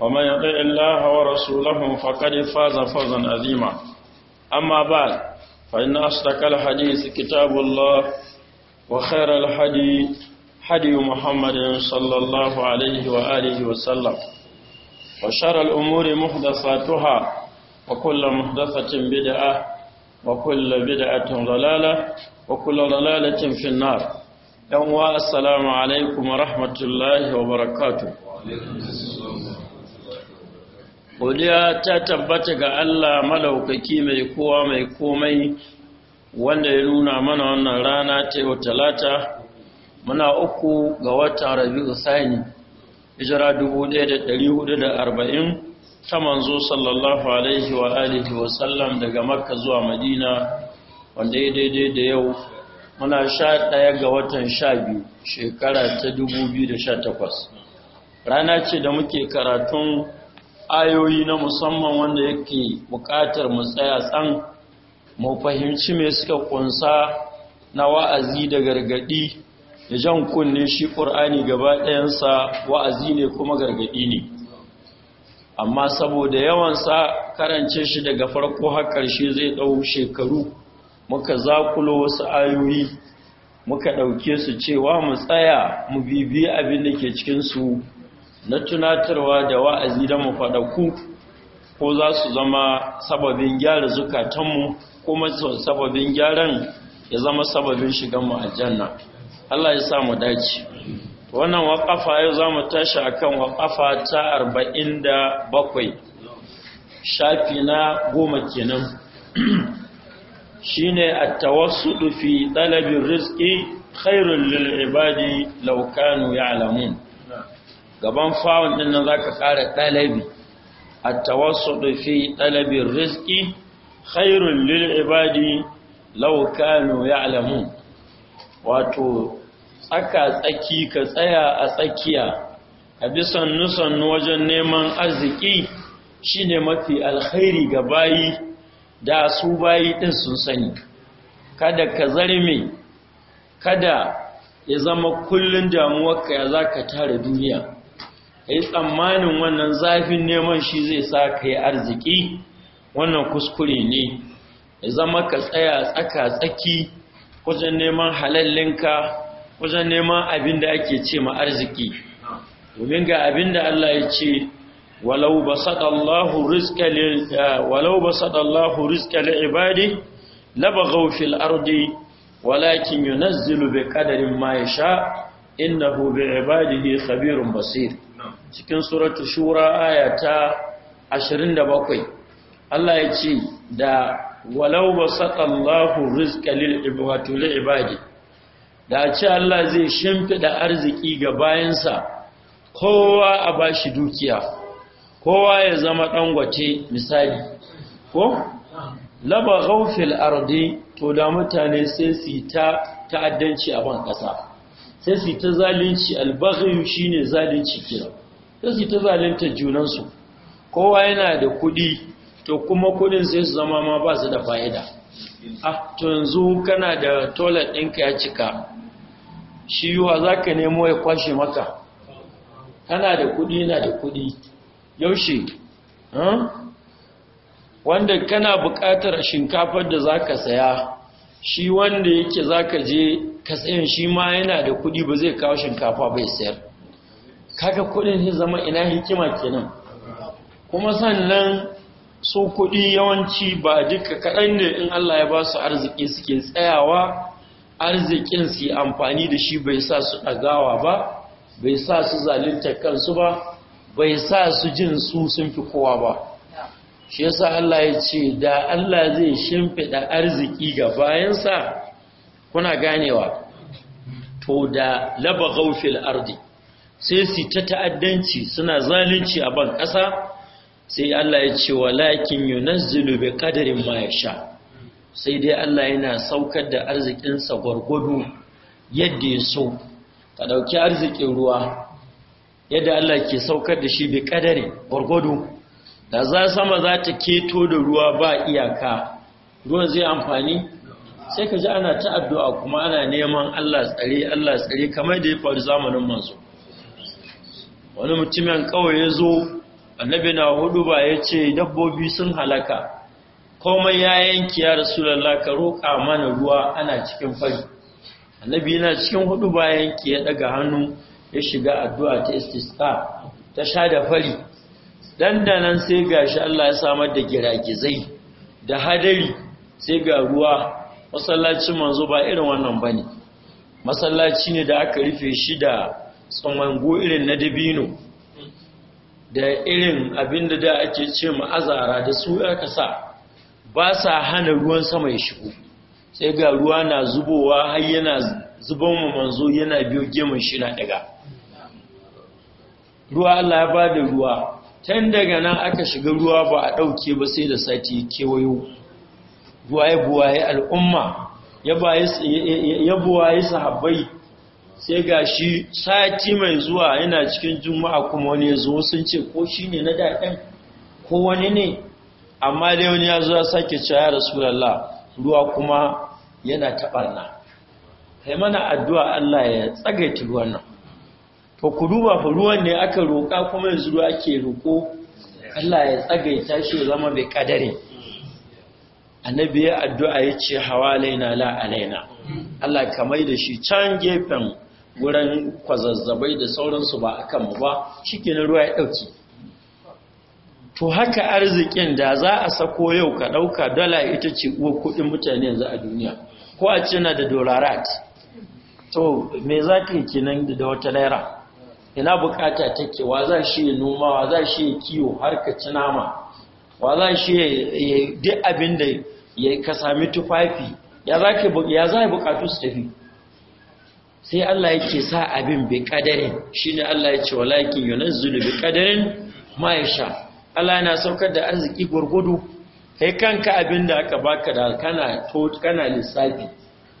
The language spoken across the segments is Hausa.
ومن يطع الله ورسوله فقد فاز فوزا عظيما أما بعد فإن أصدق الحديث كتاب الله وخير الحدي حدي محمد صلى الله عليه وآله وسلم وشر الأمور محدثاتها وكل محدثة بدعة وكل بدعة ضلالة وكل ضلالة في النار يوم السلام عليكم ورحمة الله وبركاته وعليكم السلام godiya ta tabbata ga Allah malaukaki mai kowa mai komai wanda ya nuna mana wannan rana ta yau talata muna uku ga watan rabi'u sani hijira 1440 ta manzo sallallahu alaihi wa alihi wa sallam daga makka zuwa madina wanda ya daidai da yau muna sha ɗaya ga watan sha biyu shekara ta 2018 rana ce da muke karatun ayoyi na musamman wanda yake buƙatar mu tsaya tsan mu fahimci me suka kunsa na wa'azi da gargadi da jan kunne shi ƙur'ani gaba ɗayansa wa'azi ne kuma gargadi ne amma saboda yawan sa karance shi daga farko har ƙarshe zai ɗau shekaru muka zakulo wasu ayoyi muka ɗauke su cewa mu tsaya mu bibi abin da ke cikinsu na tunatarwa da wa'azi da mu ko za su zama sababin gyara zukatanmu kuma sababin gyaran ya zama sababin shiganmu janna Allah ya sa mu dace wannan waƙafa ya za mu tashi a kan waƙafa ta arba'in da bakwai shafi na goma kenan shine ne a fi talabin ɗalabin riski khairun ibadi laukanu ya ya'lamun gaban fawon din nan zaka ƙara ɗalabi at tawassudu fi talabi rizqi khairun lil ibadi law kanu ya'lamun wato tsaka tsaki ka tsaya a tsakiya a bisan nusan wajen neman arziki shine mafi alkhairi ga bayi da su bayi din sun sani kada ka zarme kada ya zama kullun damuwarka ya zaka tara duniya yi tsammanin wannan zafin neman shi zai sa ka yi arziki wannan kuskure ne ya zama ka tsaya tsaka tsaki wajen neman halallinka wajen neman abin da ake ce ma arziki domin ga abin da Allah ya ce walau ba rizqa lil walau ibadi laba gaufil ardi walakin yunazzilu kadarin ma yasha innahu bi ibadihi basir cikin suratu shura ashirin ta 27 Allah ya ce da walau basatallahu rizqa lil ibadi lil ibadi da ce Allah zai shimfida arziki ga bayansa kowa a bashi dukiya kowa ya zama dangwace misali ko laba gaufil ardi to da mutane sai su ta ta'addanci a ban kasa sai su ta zalunci albaghi shine zalunci kira sai su ta zalunta junansu kowa yana da kuɗi to kuma kuɗin sai su zama ma ba su da fa'ida A ah, tunzu kana da toilet ɗinka ya cika shi yiwa za ka nemo ya kwashe maka kana da kuɗi Yana da kuɗi yaushe wanda kana buƙatar shinkafar da za ka saya shi wanda yake za ka je ka shi ma yana da kuɗi ba zai kawo shinkafa bai sayar kaga kudin shi zama ina hikima kenan kuma sannan su kudi yawanci ba duka kaɗan ne in Allah ya ba su arziki suke tsayawa arzikin su amfani da shi bai sa su ɗagawa ba bai sa su zalunta kansu ba bai sa su jin su sun fi kowa ba shi yasa Allah ya ce da Allah zai shimfiɗa arziki ga bayansa kuna ganewa to da laba gaufil ardi sai su ta ta'addanci suna zalunci a ban ƙasa sai Allah ya ce walakin Yunan bi kadarin ma sha. sai dai Allah yana saukar da arzikinsa gwargwado yadda ya so ka dauki arzikin ruwa yadda Allah ke saukar da shi bi kadari gwargwado da za sama za ta keto da ruwa ba iyaka ruwan zai amfani sai ka ji ana ta addu'a kuma ana neman Allah tsare Allah tsare kamar da ya faru zamanin manzo wani mutumin kawai ya zo annabi na hudu ba ya ce dabbobi sun halaka komai ya yanki ya rasulallah ka roƙa mana ruwa ana cikin fari annabi yana cikin hudu ba yanki ya daga hannu ya shiga addu'a ta istisqa ta sha da fari dandanan sai ga shi Allah ya samar da giragizai da hadari sai ga ruwa masallacin manzo ba irin wannan bane masallaci ne da aka rufe shi da tsamangu irin na dabino da irin abinda da ake ce ma'azara da su aka sa ba sa hana ruwan sama ya shigo sai ga ruwa na zubowa har yana zuban mu manzo yana biyo gemun shi na daga ruwa Allah ya bada ruwa tun daga nan aka shiga ruwa ba a ɗauke ba sai da sati kewayo ya buwaye al'umma ya buwaye sahabbai sai ga shi sati mai zuwa yana cikin juma'a kuma wani ya zo sun ce ko shi ne na daɗin ko wani ne amma dai wani ya zo ya sake cewa da rasulallah ruwa kuma yana taɓarna kai mana addu'a Allah ya ta ruwan nan to ku duba fa ruwan ne aka roƙa kuma yanzu ruwa ke roƙo Allah ya tsagaita shi zama bai A annabi ya addu'a ya ce hawa la alaina Allah ka da shi can gefen wurin kwazazzabai da sauransu ba a mu ba shi ruwa ya ɗauki to haka arzikin da za a sako yau ka ɗauka dala ita ce uwa kuɗin mutane yanzu a duniya ko a cina da dolarat to me za ka yi kenan da wata naira ina bukata take wa za shi ya noma wa za shi ya kiwo har ka ci nama wa za shi ya duk abin da ka sami tufafi ya za ka bukatu su tafi sai Allah yake sa abin bi kadarin shine Allah yake walakin yunazzilu bi kadarin ma yasha Allah yana saukar da arziki gurgudu kai kanka abin da aka baka da kana to kana lissafi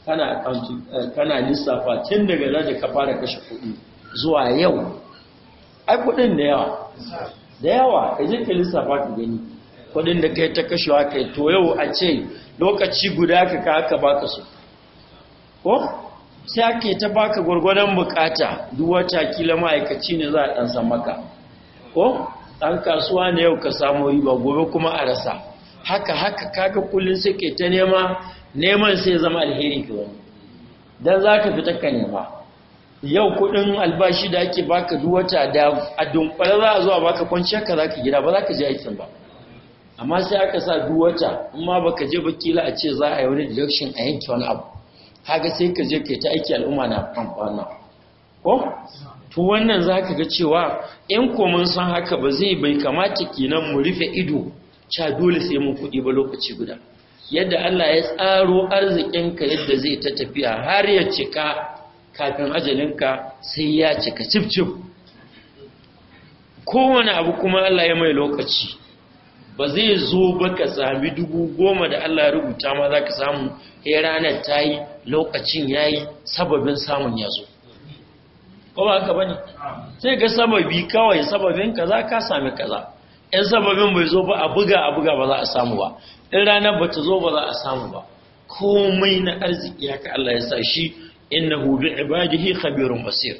kana eh, kana lissafa tun daga da ka fara kashe kuɗi zuwa yau ai kuɗin da yawa da yawa kaje ka lissafa ka gani kuɗin da kai ta kashewa kai to yau a ce lokaci guda ka ka aka baka su ko sai ake ta baka gwargwadon bukata duwata kila ma'aikaci ne za a ɗan maka ko ɗan kasuwa ne yau ka samu riba gobe kuma a rasa haka haka kaga kullum sai ke ta nema neman sai zama alheri ga wani don za ka fita ka nema yau kuɗin albashi da ake baka duwata da a dunkwale za a zuwa baka kwanciyar ka za ka gida ba za ka je aikin ba amma sai aka sa duwata in ma baka je ba a ce za a yi wani direction a yanke wani abu kaga sai ka je kai ta aiki al'umma na amfana ko to wannan zaka ga cewa in komun san haka ba zai bai kamata kenan mu rufe ido cha dole sai mun kuɗi ba lokaci guda yadda Allah ya tsaro arzikinka yadda zai ta tafiya har ya cika kafin ajalinka sai ya cika cif cif kowane abu kuma Allah ya mai lokaci ba zai zo ba ka sami dubu goma da Allah rubuta ma za ka samu ya ranar ta yi lokacin ya yi sababin samun ya zo ko ba haka ba sai ga sababi kawai sababin kaza ka sami kaza in sababin bai zo ba a buga a buga ba za a samu ba in ranar ba ta zo ba za a samu ba komai na arziki haka Allah ya sa shi inna hubi ibadihi khabirun basir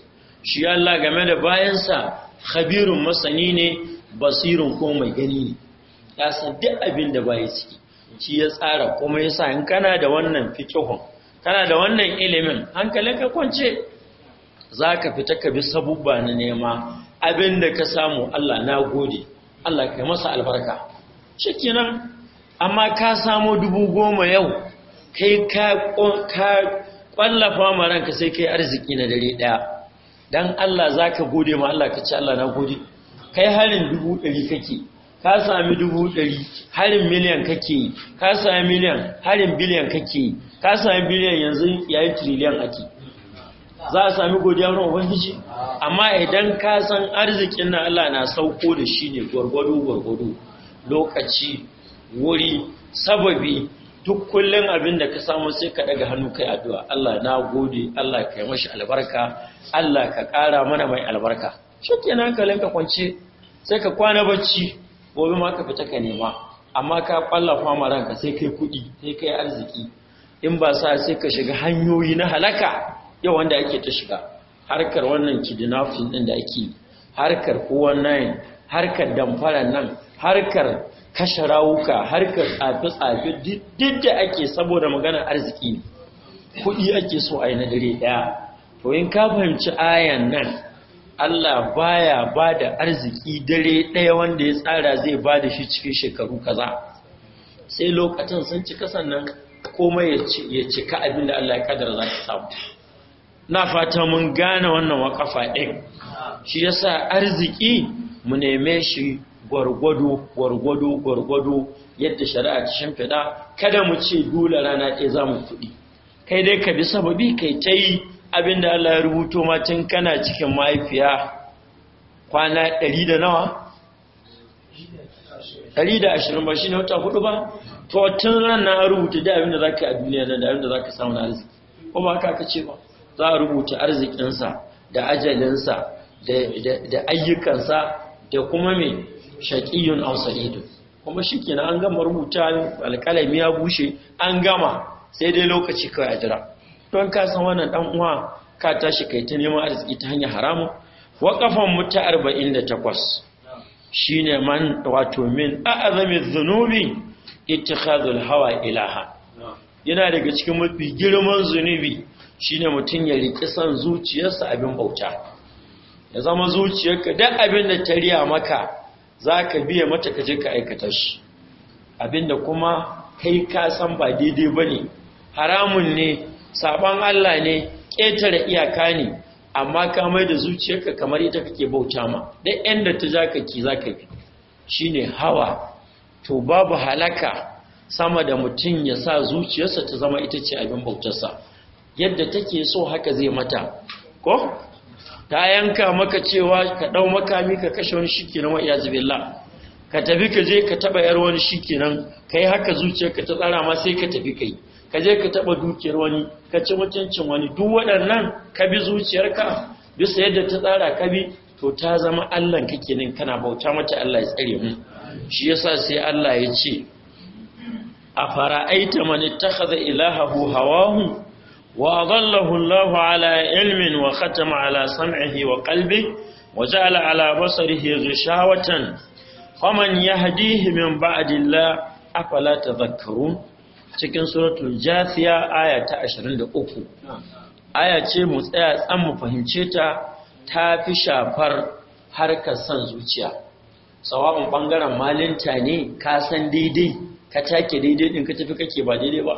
shi Allah game da bayansa khabirun masani ne basirun ko mai gani ne ya san duk abin da bai ciki shi ya tsara kuma yasa in kana da wannan fikihun kana da wannan ilimin ka kwance ka fita ka bi sabubba na nema abin da ka samu Allah na gode Allah kai masa albarka shikenan amma ka samu dubu goma yau kai ka kwallafa ma ranka sai kai arziki na dare daya dan Allah zaka gode ma Allah ka ci Allah na gode kai harin dubu ɗari kake ka sami dubu ɗari harin miliyan kake yi ka sami miliyan harin biliyan kake yi ka sami biliyan yanzu yayin triliyan ake za a sami godiya wurin ubangiji amma idan ka san arzikin na Allah na sauko da shi ne gwargwado gwargwado lokaci wuri sababi duk kullum abin da ka samu sai ka daga hannu kai addu'a Allah na gode Allah ka yi mashi albarka Allah ka ƙara mana mai albarka shi kenan ka kwance sai ka kwana bacci gobe ma ka fita ka nema amma ka kwallafa maranka sai kai kuɗi sai kai arziki in ba sa sai ka shiga hanyoyi na halaka yau wanda ake ta shiga harkar wannan kidnapping din da ake harkar kowan nayin harkar damfaran nan harkar kashe rawuka harkar tsafe-tsafe duk da ake saboda maganar arziki ne kuɗi ake so a yi na dare ɗaya to in ka fahimci ayan nan Allah baya ba da arziki dare ɗaya wanda ya tsara zai ba da shi cikin shekaru kaza sai lokacin sun cika sannan komai ya cika abin da Allah ya kadar za ta samu na fata mun gane wannan wakafa ɗin shi yasa arziki mu neme shi gwargwado gwargwado gwargwado yadda shari'a ta shimfiɗa kada mu ce dole rana ɗaya za mu kuɗi kai dai ka bi sababi kai ta yi abinda Allah ya rubuto ma tun kana cikin mahaifiya kwana 100 da nawa 120 ba shi ne wata hudu ba to tun ran an rubuta da abinda yi a duniya da abinda ka samu na arziki kuma haka aka ce ba za a rubuta arzikinsa da ajalinsa da ayyukansa da kuma mai shaƙiyun ausa'idun kuma shi kenan an gama rubuta alƙalami ya bushe an gama sai dai lokaci kawai a jira don ka san wannan dan uwa ka tashi kai ta neman arziki ta hanyar haramu waqafan muta 48 shine man wato min a'zami dhunubi ittikhadul hawa ilaha yana daga cikin mafi girman zunubi shine mutum ya riki san zuciyarsa abin bauta ya zama zuciyarka duk abin da ta riya maka zaka biya mata kaje ka aikata shi abinda kuma kai ka san ba daidai bane haramun ne saban Allah ne ƙetare iyaka ne amma ka mai da zuciyarka kamar ita kake bauta ma duk inda ta ka ki za zaka Shi shine hawa to babu halaka sama da mutum ya sa zuciyarsa ta zama ita ce abin bautarsa yadda take so haka zai mata ko ta yanka maka cewa ka dau makami ka kashe wani shikenan wa iyaz ka tafi ka je ka taba yar wani shikenan kai haka zuciyarka ta tsara ma sai ka tafi kai ka je ka taɓa dukiyar wani ka ci mutuncin wani duk waɗannan ka bi zuciyarka bisa yadda ta tsara ka bi to ta zama allah kake nan kana bauta mata allah ya tsare mu shi yasa sai allah ya ce a fara'aita man ittakhadha ilahahu hawahu wa adallahu allah ala ilmin wa khatama ala sam'ihi wa kalbi wa ja'ala ala basarihi ghishawatan faman yahdihi min ba'di afala tadhakkarun cikin suratul jasiya aya ta 23 aya ce mu tsaya tsan mu fahimce ta ta fi shafar harkar san zuciya tsawabin bangaren malinta ne ka san daidai ka take daidai din ka tafi kake ba daidai ba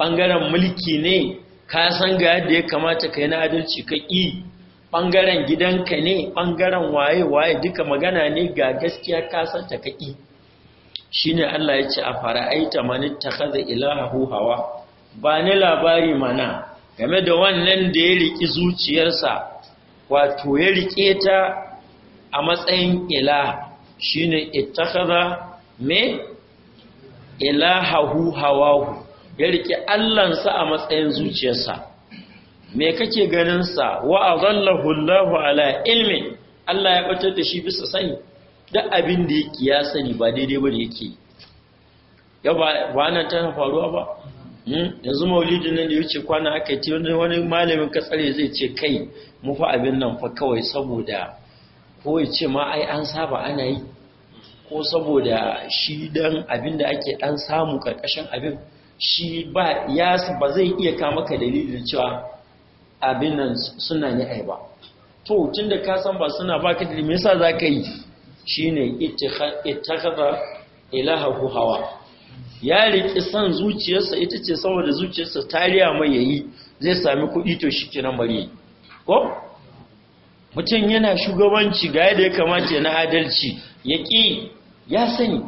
bangaren hmm, mulki ne ka san ga yadda ya kamata ka yi na adalci ka ƙi bangaren gidanka ne ɓangaren waye-waye duka magana ne ga gaskiya ka san ta ka ƙi shine Allah ya ce a fara'aita man ittakhadha ilahahu hawa ba ni labari mana game da wannan da ya riki zuciyarsa wato ya rike ta a matsayin ilah shine ittakhadha me ilahahu hawahu ya rike Allahnsa a matsayin zuciyarsa me kake ganin sa wa adallahu Allah ya batar da shi bisa sani duk abin da ya ya sani ba daidai ba da yake ya ba nan tana faruwa ba hmm? yanzu maulidin nan da wuce kwana aka yi wani malamin katsare zai ce kai mu fa abin nan fa kawai saboda ko ya ce ma ai an saba ana yi ko saboda shi dan abin da ake dan samu karkashin abin shi ba ya ba zai iya kama ka dalilin cewa abin nan suna ne ai ba to tunda ka san ba suna baka dalilin me yasa zaka yi shine ittakhadha ilahu hawa ya riki san zuciyarsa ita ce saboda zuciyarsa tariya mai yayi zai sami kuɗi to shikenan bari ko mutum yana shugabanci ga yadda ya kamata na adalci ya ƙi ya sani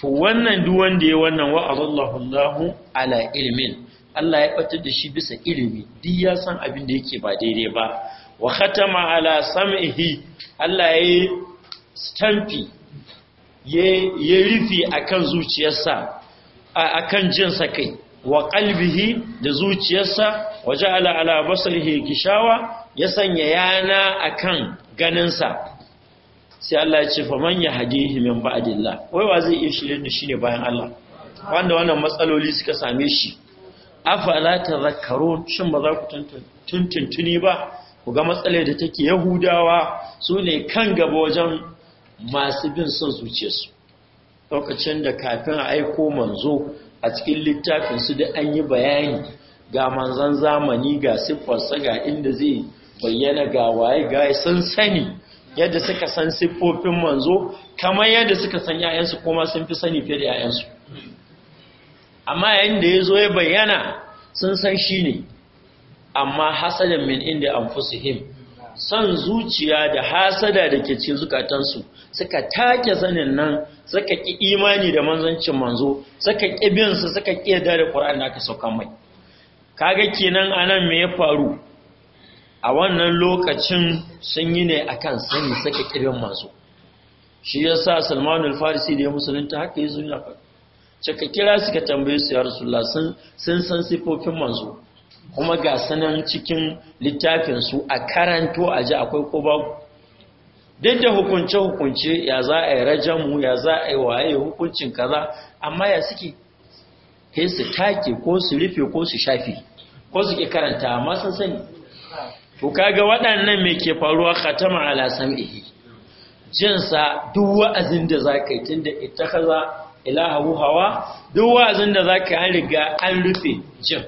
to wannan duk wanda ya wannan wa azallahu Allahu ala ilmin Allah ya batar da shi bisa ilimi duk ya san abin da yake ba daidai ba wa khatama ala sam'ihi Allah ya Stampi ya rufe a kan zuciyarsa a kan jinsa kai wa kalbihi da zuciyarsa waje ala'ala basar hekishawa ya sanya yana a kan ganinsa sai Allah ya ce fa manya hage himin ba'adilla wai wa zai iya shirin da shi ne bayan Allah wanda wannan matsaloli suka same shi afala zakaro shin ba za ku tuntuntuni ba ku ga matsalai da take yahudawa su ne kan gaba wajen masu bin son su lokacin da kafin a aiko manzo a cikin littafin su da an yi bayani ga manzan zamani ga siffarsa ga inda zai bayyana ga waye ga sun sani yadda suka san siffofin manzo kamar yadda suka san yayansu kuma sun fi sani fiye da yayansu amma yayin da ya zo ya bayyana sun san shi ne amma hasalin min inda an fusu him son zuciya da hasada da ke ce zukatansu suka take sanin nan suka ƙi imani da manzancin manzo suka ƙi bin su suka ƙi yarda da Qur'ani da aka sauka mai kaga kenan anan me ya faru a wannan lokacin sun yi ne akan sani suka ƙi bin manzo shi yasa Salman al-Farisi da ya musulunta haka yi zuwa cika kira suka tambaye su ya Rasulullah sun san sifofin manzo kuma ga sanan cikin littafin su a karanto a ji akwai ko babu duk da hukunce hukunce ya za a yi rajamu ya za a yi waye hukuncin kaza amma ya suke sai su take ko su rufe ko su shafi ko su ke karanta amma sun sani to kaga waɗannan me ke faruwa khatama ala sam'ihi sa duk wa'azin da zaka yi tunda kaza, ilahu hawa duk wa'azin da zaka yi an riga an rufe jin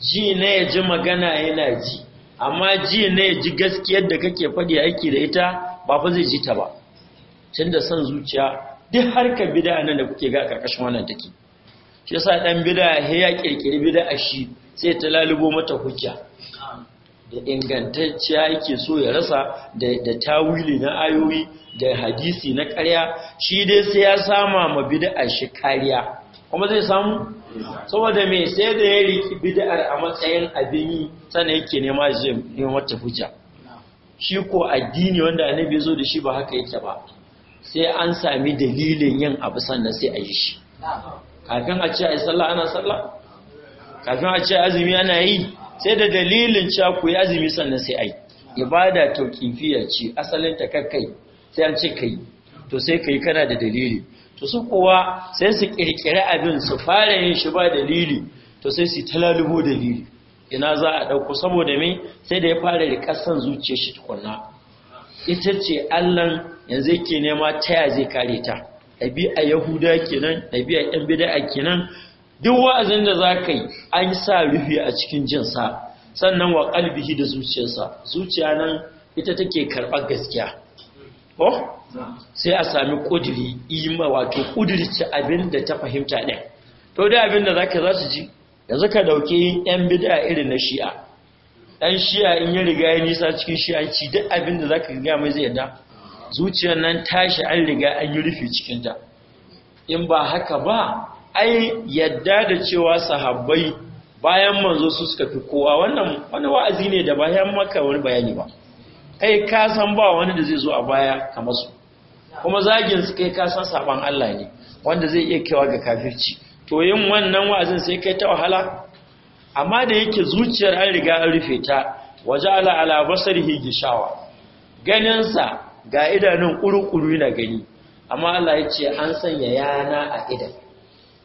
ji na ya ji magana yana ji amma ji na ya ji gaskiyar da kake faɗi aiki da ita ba fa zai ji ta ba tun da son zuciya duk har ka bida nan da kuke ga karkashin wannan take shi yasa dan bida ya kirkiri bida a shi sai ta lalubo mata hujja da ingantacciya yake so ya rasa da tawili na ayoyi da hadisi na ƙarya shi dai sai ya sama ma bid'a shi kariya kuma zai samu saboda me sai da ya riki bid'ar a matsayin abin yi sannan yake nema zai nema wata hujja shi ko addini wanda annabi bai zo da shi ba haka yake ba sai an sami dalilin yin abu sannan sai a yi shi kafin a ce a yi sallah ana sallah kafin a ce azumi ana yi sai da dalilin cewa ku yi azumi sannan sai a yi ibada to kifiya ce asalin ta sai an ce kai to sai kai kana da dalili to su kuwa sai su kirkiri abin su fara yin shi ba dalili to sai su talalubo dalili ina za a ɗauko saboda me sai da ya fara da kasan zuciyar shi tukunna ita ce allan yanzu yake nema taya zai kare ta ɗabi'a yahuda kenan ɗabi'a ɗan bida'a kenan duk wa'azin da za ka yi an sa rufi a cikin jinsa sannan wa kalbihi da zuciyarsa zuciya nan ita take karɓar gaskiya ko sai a sami ƙudiri ima wato ƙudirci abin da ta fahimta ɗin to da abin da zaka za su ji yanzu ka dauke yan bid'a irin na shi'a ɗan shi'a in ya riga ya nisa cikin ci, duk abin da zaka ga mai zai yadda zuciyar nan tashi an riga an yi rufe cikinta in ba haka ba ai yadda da cewa sahabbai bayan manzo su suka fi kowa wannan wani wa'azi ne da bayan maka wani bayani ba kai ka san ba wani da zai zo a baya kamar su kuma zagin su kai ka san saban Allah ne wanda zai iya kaiwa ga kafirci to yin wannan wazin sai kai ta wahala amma da yake zuciyar an riga an rufe ta waje ala ala basarihi gishawa ganinsa ga idanun kurukuru na gani amma Allah ya ce an sanya yana a idan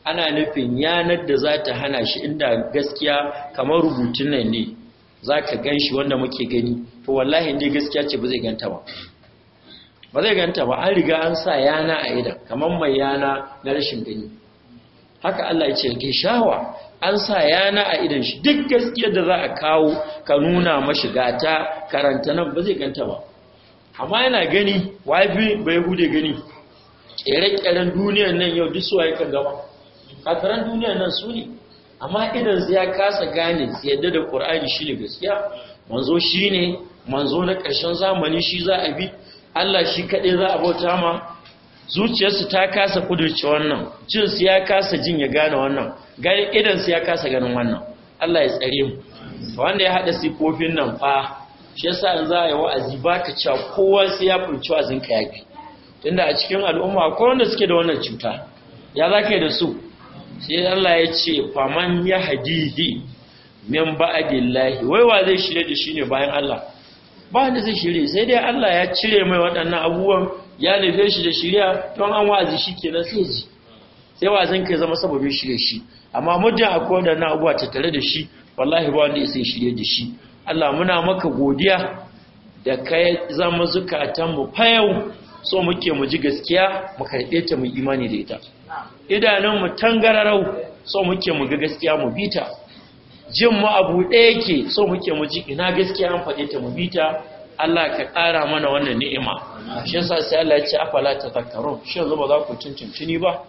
ana nufin yanar da za ta hana shi inda gaskiya kamar rubutun nan ne za ka gan shi wanda muke gani to wallahi dai gaskiya ce ba zai ganta ba ba zai ganta ba an riga an sa yana a idan kamar mai yana na rashin gani haka Allah ya ce ke shawa an sa yana a idan shi duk gaskiya da za a kawo ka nuna mashi gata karanta nan ba zai ganta ba amma yana gani wafi bai bude gani kere-keren duniyar nan yau duk suwa yakan gama kafiran duniyar nan su ne amma idan ya kasa gane yadda da ƙur'ani shi ne gaskiya manzo ne, manzo na ƙarshen zamani shi za a bi Allah shi kaɗai za a bauta ma zuciyarsu ta kasa kudurce wannan jinsu ya kasa jin ya gane wannan gani idansu ya kasa ganin wannan Allah ya tsare mu wanda ya haɗa sifofin nan fa shi yasa in za a yi wa'azi ba ka cewa kowa sai ya furci wa'azin ka yafi tunda a cikin al'umma akwai wanda suke da wannan cuta ya za ka yi da su sai Allah ya ce faman ya hadihi min ba'dillahi wai wa zai shirye da shi ne bayan Allah ba wanda zai shirye sai dai Allah ya cire mai waɗannan abubuwan ya nufe shi da shirya don an wazi shi kenan sai ji sai wazin kai zama sababin shirye shi amma muddin akwai waɗannan abubuwa tare da shi wallahi ba wanda sai shirye da shi Allah muna maka godiya da kai zama zukatanmu fayau so muke mu ji gaskiya mu karɓe ta mu imani da ita idanun mu tangararau so muke mu ga gaskiya mu bita jin mu abu ɗaya yake so muke mu ji ina gaskiya an faɗe ta mu bita Allah ka ƙara mana wannan ni'ima shi yasa sai Allah ya ce afala tafakkarun shi yanzu ba za ku cincincini ba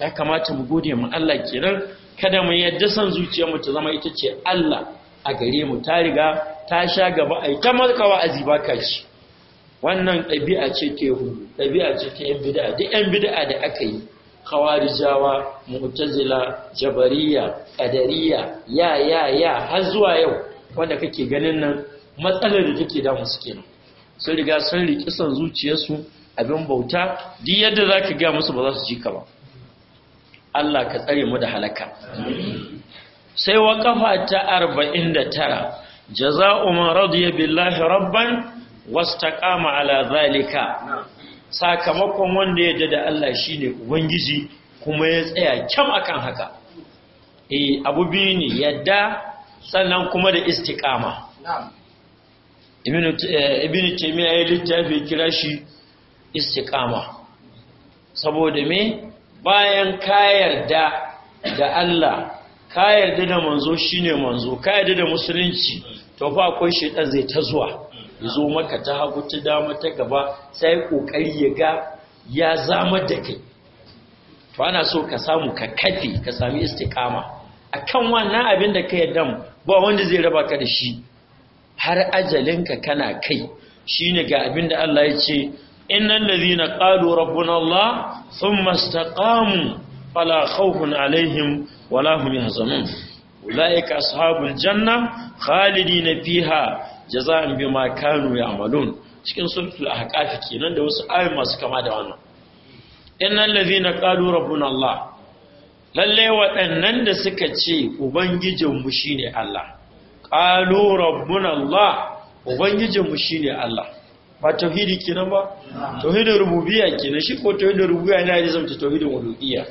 ya kamata mu gode mu Allah kenan kada mu yadda san zuciyar mu ta zama ita ce Allah a gare mu ta riga ta sha gaba ai ta markawa wa'azi ba ka shi wannan ɗabi'a ce ta hu ɗabi'a ce ta yan bid'a duk yan bid'a da aka yi khawarijawa mu'tazila jabariya qadariya ya ya ya har zuwa yau wanda kake ganin nan matsalar da take da musu kenan sun riga sun riki san zuciyarsu abin bauta duk yadda zaka ga musu ba za su ji ka ba Allah ka tsare mu da halaka sai wa kafa ta 49 jazaa'u man radiya billahi rabban wastaqama ala zalika sakamakon wanda ya yarda da Allah ne ubangiji kuma ya tsaya kyam akan haka e abu biyu ne yadda sannan kuma da istiqama ibn eh, taimiyya ya littafi kira shi istiƙama saboda me bayan kayar da da Allah kayar da da manzo shi ne manzo kayar yarda da musulunci to fa akwai ɗan zai ta zuwa ya zo maka ta hagu ta dama ta gaba sai kokari ya ga ya zama da kai to ana so ka samu ka kafe ka sami istiqama akan wannan abin da ka yarda ba wanda zai raba ka da shi har ajalin ka kana kai shine ga abin da Allah ya ce innal ladhina qalu rabbuna Allah thumma istaqamu fala khawfun alaihim wala hum yahzanun ulaika ashabul janna khalidina fiha jaza'an ma kanu amalun cikin suratul ahqaf kenan da wasu ayoyi masu kama da wannan innal ladhina qalu rabbuna Allah lalle waɗannan da suka ce ubangijinmu shine Allah qalu rabbuna Allah ubangijinmu shine Allah ba tauhidi kenan ba tauhidin rububiyya kenan shi ko tauhidin rububiyya ne da zama tauhidin uluhiyya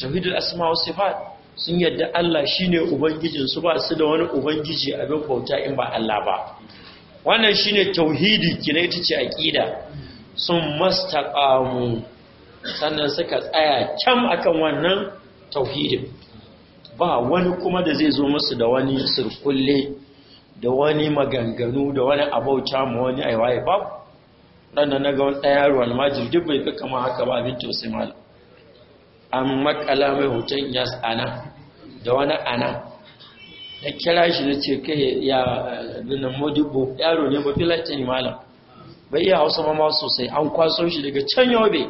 tauhidul asma wa sifat sun yadda Allah shi ne ubangijinsu ba su da wani ubangiji abin bauta in ba Allah ba wannan shine tauhidi kina ita ce ƙida sun mastaqamu sannan suka tsaya kyam akan wannan tauhidin ba wani kuma da zai zo musu da wani surkulle da wani maganganu da wani abauta ma wani aiwaye babu ɗanda na ga wani ɗaya ruwan majin duk bai kama haka ba abin tausayi malam an makala mai hoton yas ana da wani ana da kira shi da ce kai ya nuna modibo yaro ne ba filatin malam bai iya hausa ma sosai an kwaso shi daga can yobe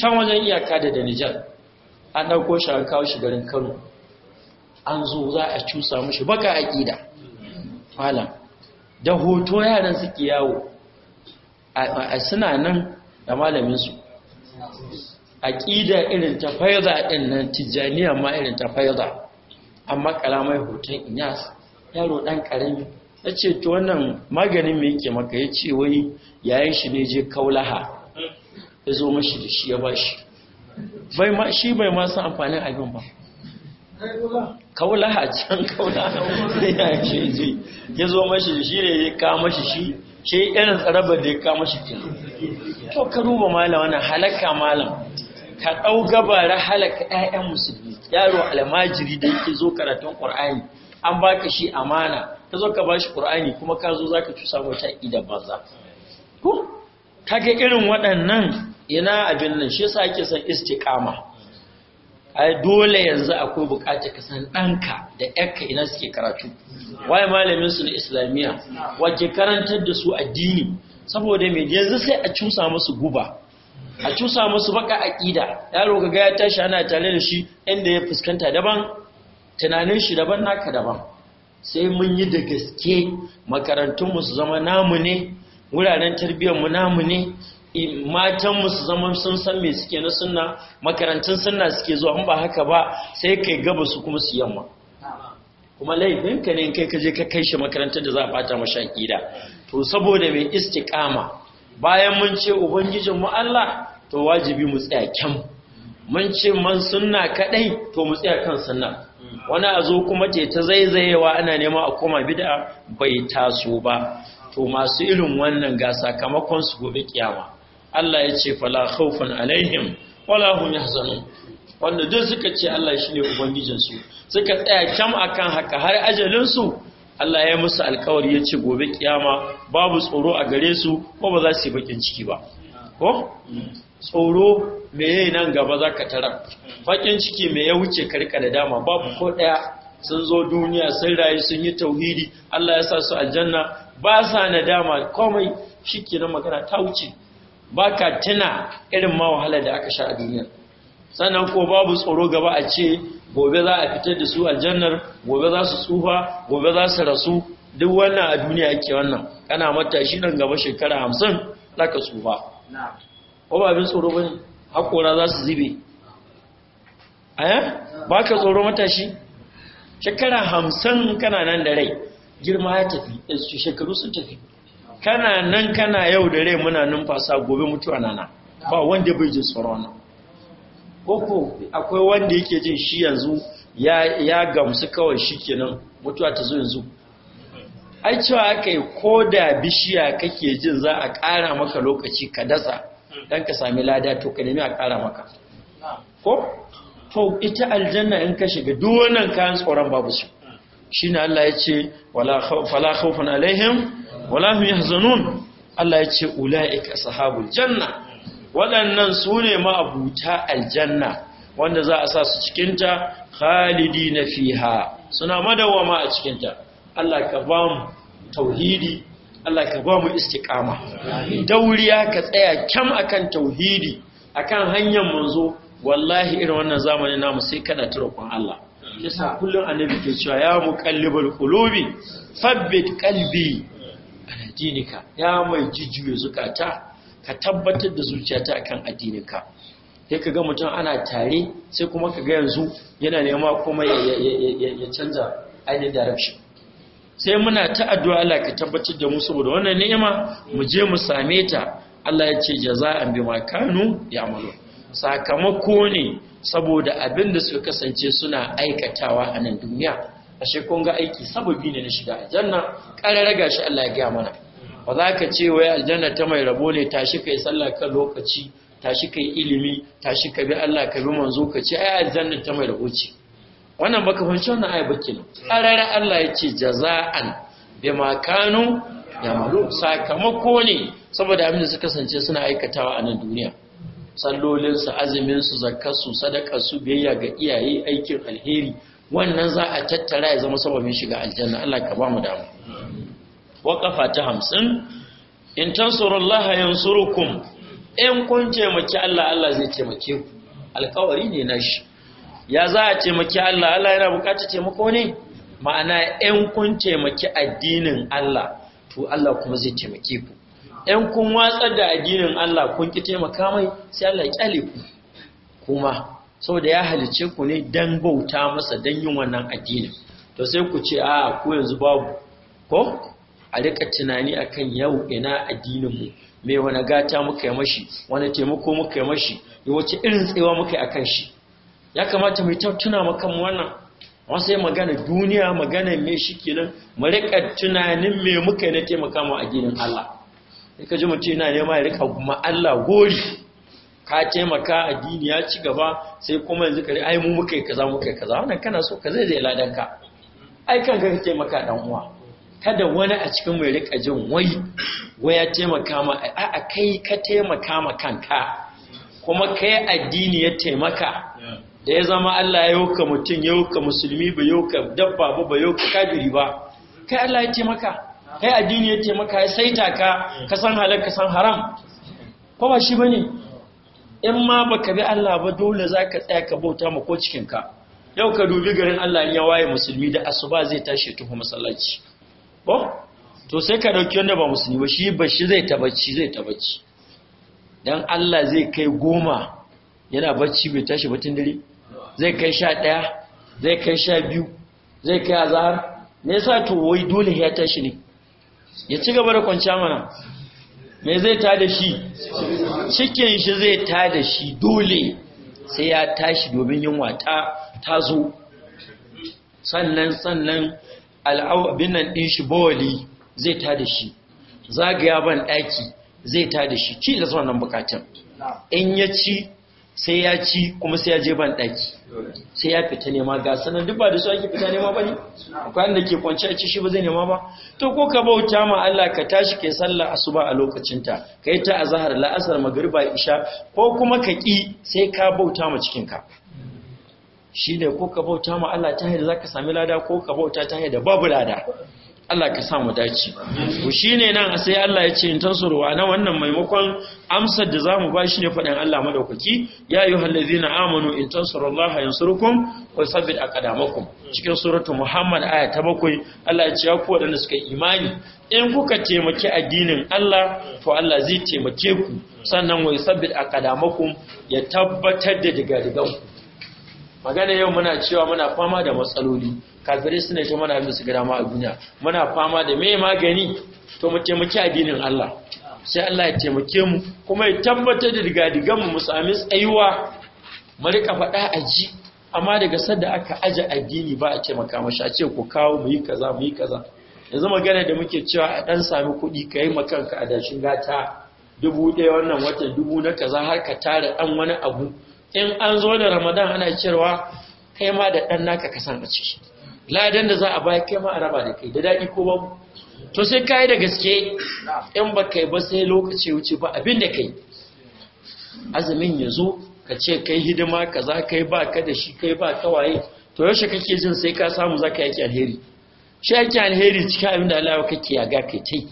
can wajen iyaka da danijar an ɗauko shi an kawo shi garin kano an zo za a cusa mashi baka aƙida malam da hoto yaran suke yawo a suna nan da malaminsu aƙida irin ta faiza ɗin nan tijjaniya ma irin ta faiza an makala mai hoton inyas yaro ɗan ƙarami na ce to wannan maganin mai yake maka ya ce wai yayin shi ne je kaulaha ya zo mashi da shi ya ba shi shi bai ma san amfanin abin ba kaulaha can kaulaha ya ce je ya zo mashi da shi ne ya kama mashi shi shi irin tsarabar da ya kama mashi kenan to ka duba malam wannan halaka malam ka ɗau gabara halaka ƴaƴan musulmi yaro almajiri da yake zo karatun qur'ani an baka shi amana ka zo ka bashi qur'ani kuma ka zo zaka cusa ta ida banza ko kage irin waɗannan ina abin nan shi yasa ake san istiqama ai dole yanzu akwai bukatar ka san ɗanka da ƴarka ina suke karatu waye malamin su na islamiyya wace karantar da su addini saboda me yanzu sai a cusa musu guba a cusa musu baka aƙida yaro ga ya tashi ana tare da shi inda ya fuskanta daban tunanin shi daban naka daban sai mun yi da gaske makarantunmu su zama namu ne wuraren tarbiyyarmu namu ne matanmu su zama sun san me suke na sunna makarantun sunna suke zuwa ba haka ba sai kai gaba su kuma su yamma kuma laifinka ne in kai ka je ka kai shi makarantar da za a fata mashi aƙida to saboda mai istiƙama bayan mun ce ubangijinmu Allah to wajibi mu tsaya kyan mun ce man sunna kadai to mu tsaya kan sunna wani a zo kuma ce ta zaizayewa ana nema a koma bid'a bai taso ba to masu irin wannan ga sakamakon su gobe kiyama Allah ya ce fala khawfun alaihim wala hum yahzanun wanda duk suka ce Allah shine ubangijinsu suka tsaya kyam akan haka har ajalin su Allah ya musu alkawari ya ce gobe kiyama babu tsoro a gare su ko ba za su yi bakin ciki ba ko tsoro me yayi nan gaba za ka tara bakin ciki me ya wuce karka da dama babu ko daya sun zo duniya sun rayu sun yi tauhidi Allah ya sa su aljanna ba sa nadama komai shikenan magana ta wuce baka tuna irin ma wahala da aka sha a duniya sannan ko babu tsoro gaba a ce gobe za a fitar da su aljannar gobe za su tsufa gobe za su rasu duk wannan a duniya ake wannan kana matashi nan gaba shekara hamsin za ka tsufa ko ba abin tsoro bane haƙora za su zibe. aya eh? ba ka tsoro matashi shekara hamsin kana nan da rai girma ya tafi shekaru sun tafi kana nan kana yau da rai muna numfasa gobe mutuwa nana ba wanda bai ji tsoro wannan koko akwai wanda yake jin shi yanzu ya gamsu kawai shi kenan mutuwa ta zo yanzu ai cewa aka ko da bishiya kake jin za a ƙara maka lokaci ka dasa don ka sami lada to ka nemi a ƙara maka ko to ita aljanna in ka shiga duk wannan kayan tsoron babu su shine Allah ya ce fala khawfun alaihim wala hum yahzanun Allah ya ce ulaika sahabul janna waɗannan su ne ma'abuta aljanna wanda za a sa su cikinta khalidi na fiha suna ma a cikinta Allah ka ba mu tauhidi Allah ka ba mu istiqama dauriya ka tsaya kyam akan tauhidi akan hanyar manzo wallahi irin wannan zamanin namu sai kana turkon Allah yasa kullum annabi ke cewa ya muqallibul qulubi thabbit qalbi ala dinika ya mai jijjuye zukata ka tabbatar da zuciyata akan addininka sai ka ga mutum ana tare sai kuma ka ga yanzu yana nema kuma ya canza ainihin direction sai muna ta addu'a Allah ka tabbatar da mu saboda wannan ni'ima mu je mu same ta Allah ya ce jaza'an bima kanu ya'malu sakamako ne saboda abin da suka kasance suna aikatawa a nan duniya ashe kun ga aiki sababi ne na shiga aljanna ga shi Allah ya gaya mana ba za ka ce wai aljanna ta mai rabo ne tashi kai sallah kan lokaci tashi kai ilimi tashi ka bi Allah ka bi manzo ka ce ai aljanna ta mai rabo ce wannan baka fahimci wannan ayat baki kenan Allah ya ce jaza'an bima kanu yamalu sakamako ne saboda abin da suka kasance suna aikatawa a nan duniya sallolinsu zakkasu zakkarsu sadakarsu biyayya ga iyaye aikin alheri wannan za a tattara ya zama sababin shiga aljanna Allah ka ba mu damu waƙafa ta hamsin in tansurullaha surukun, yan kun taimaki Allah Allah zai taimake ku alƙawari ne na shi ya za a taimaki Allah Allah yana buƙatar taimako ne ma'ana yan kun taimaki addinin Allah to Allah kuma zai taimake ku in kun watsar da addinin Allah kun ki taimaka mai sai Allah ya kyale ku kuma saboda ya halice ku ne dan bauta masa dan yin wannan addinin to sai ku ce a ku yanzu babu ko a rika tunani akan yau ina addininmu mai wani gata muka yi mashi wani taimako muka yi mashi ya wace irin tsewa muka yi a kan shi ya kamata mai tattuna makan wannan wasu yi magana duniya magana mai shi kenan mu rika tunanin mai muka yi na taimaka mu addinin Allah sai ka ji mutum yana nema ya rika kuma Allah gori ka taimaka addini ya ci gaba sai kuma yanzu kare ai mu muka yi kaza muka yi kaza wannan kana so ka zai zai ladan ka ai kanka ka taimaka dan uwa kada wani a cikin mai rika jin wai waya taimaka ma a kai ka taimaka ma kanka kuma kai addini ya taimaka da ya zama Allah ya ka mutum ya ka musulmi ba ka dabba ba ba ka kabiri ba kai Allah ya taimaka kai addini ya taimaka ya saita ka ka san halar ka san haram ko ba shi bane in ma baka bi Allah ba dole zaka tsaya ka bauta ma ko cikin ka yau ka dubi garin Allah ya waye musulmi da asuba zai tashi tuhu masallaci ba to sai ka dauki wanda ba musulmi ba shi ba shi zai tabacci zai tabacci dan Allah zai kai goma yana bacci bai tashi ba tun dare zai kai sha ɗaya zai kai sha biyu zai kai azahar me yasa to wai dole ya tashi ne ya ci gaba da kwanciya mana me zai ta da shi cikin shi zai ta da shi dole sai ya tashi domin yin wata, tazo sannan sannan abin nan ɗin shi bawali zai ta da shi zagaya ban ɗaki zai ta da shi ci da nan bukatun in ya ci sai ya ci kuma sai ya je ban ɗaki sai ya fita nema ga sanar duk ba da su ake fita nema ba ne kwan da ke kwanci a ci shi ba zai nema ba to ko ka bauta ma Allah ka tashi kai sallah asuba a lokacinta ka yi ta a zahar la'asar magriba isha ko kuma ka ƙi sai ka bauta ma cikin ka shi ne ko ka bauta ma Allah ta haida za ka sami lada ko ka bauta ta haida babu lada Allah ka samu dace ku shi ne nan sai Allah ya ce in tansurwa na wannan maimakon amsar da za mu ba shi ne faɗin Allah madaukaki ya yi ayu na amanu in surukun ko wa a aqdamakum cikin suratu Muhammad aya ta bakwai Allah ya ce ya ku da suka imani in kuka taimaki addinin Allah to Allah zai taimake ku sannan wai wa a aqdamakum ya tabbatar da diga magana yau muna cewa muna fama da matsaloli kafirai suna muna mana su gida ma a duniya muna fama da me magani to mu taimaki addinin Allah sai Allah ya taimake mu kuma ya tabbatar da diga mu mu sami tsayuwa mu rika faɗa a ji amma daga sadda aka aje addini ba a taimaka mashi a ce ku kawo mu yi kaza mu yi kaza yanzu magana da muke cewa a dan sami kuɗi ka yi makanka a dashin gata dubu ɗaya wannan watan dubu na kaza har ka tara ɗan wani abu in an zo da ramadan ana cewa kai ma da ɗan naka ka a ciki ladan da za a baya kai ma a raba da kai da daɗi ko babu to sai ka yi da gaske in ba kai ba sai lokaci wuce ba abin da kai azumin ya zo ka ce kai hidima ka ka kai ba ka da shi kai ba ka waye. to yaushe kake jin sai ka samu zaka yaki alheri shi yake alheri cikin abin da Allah kake ga kai tai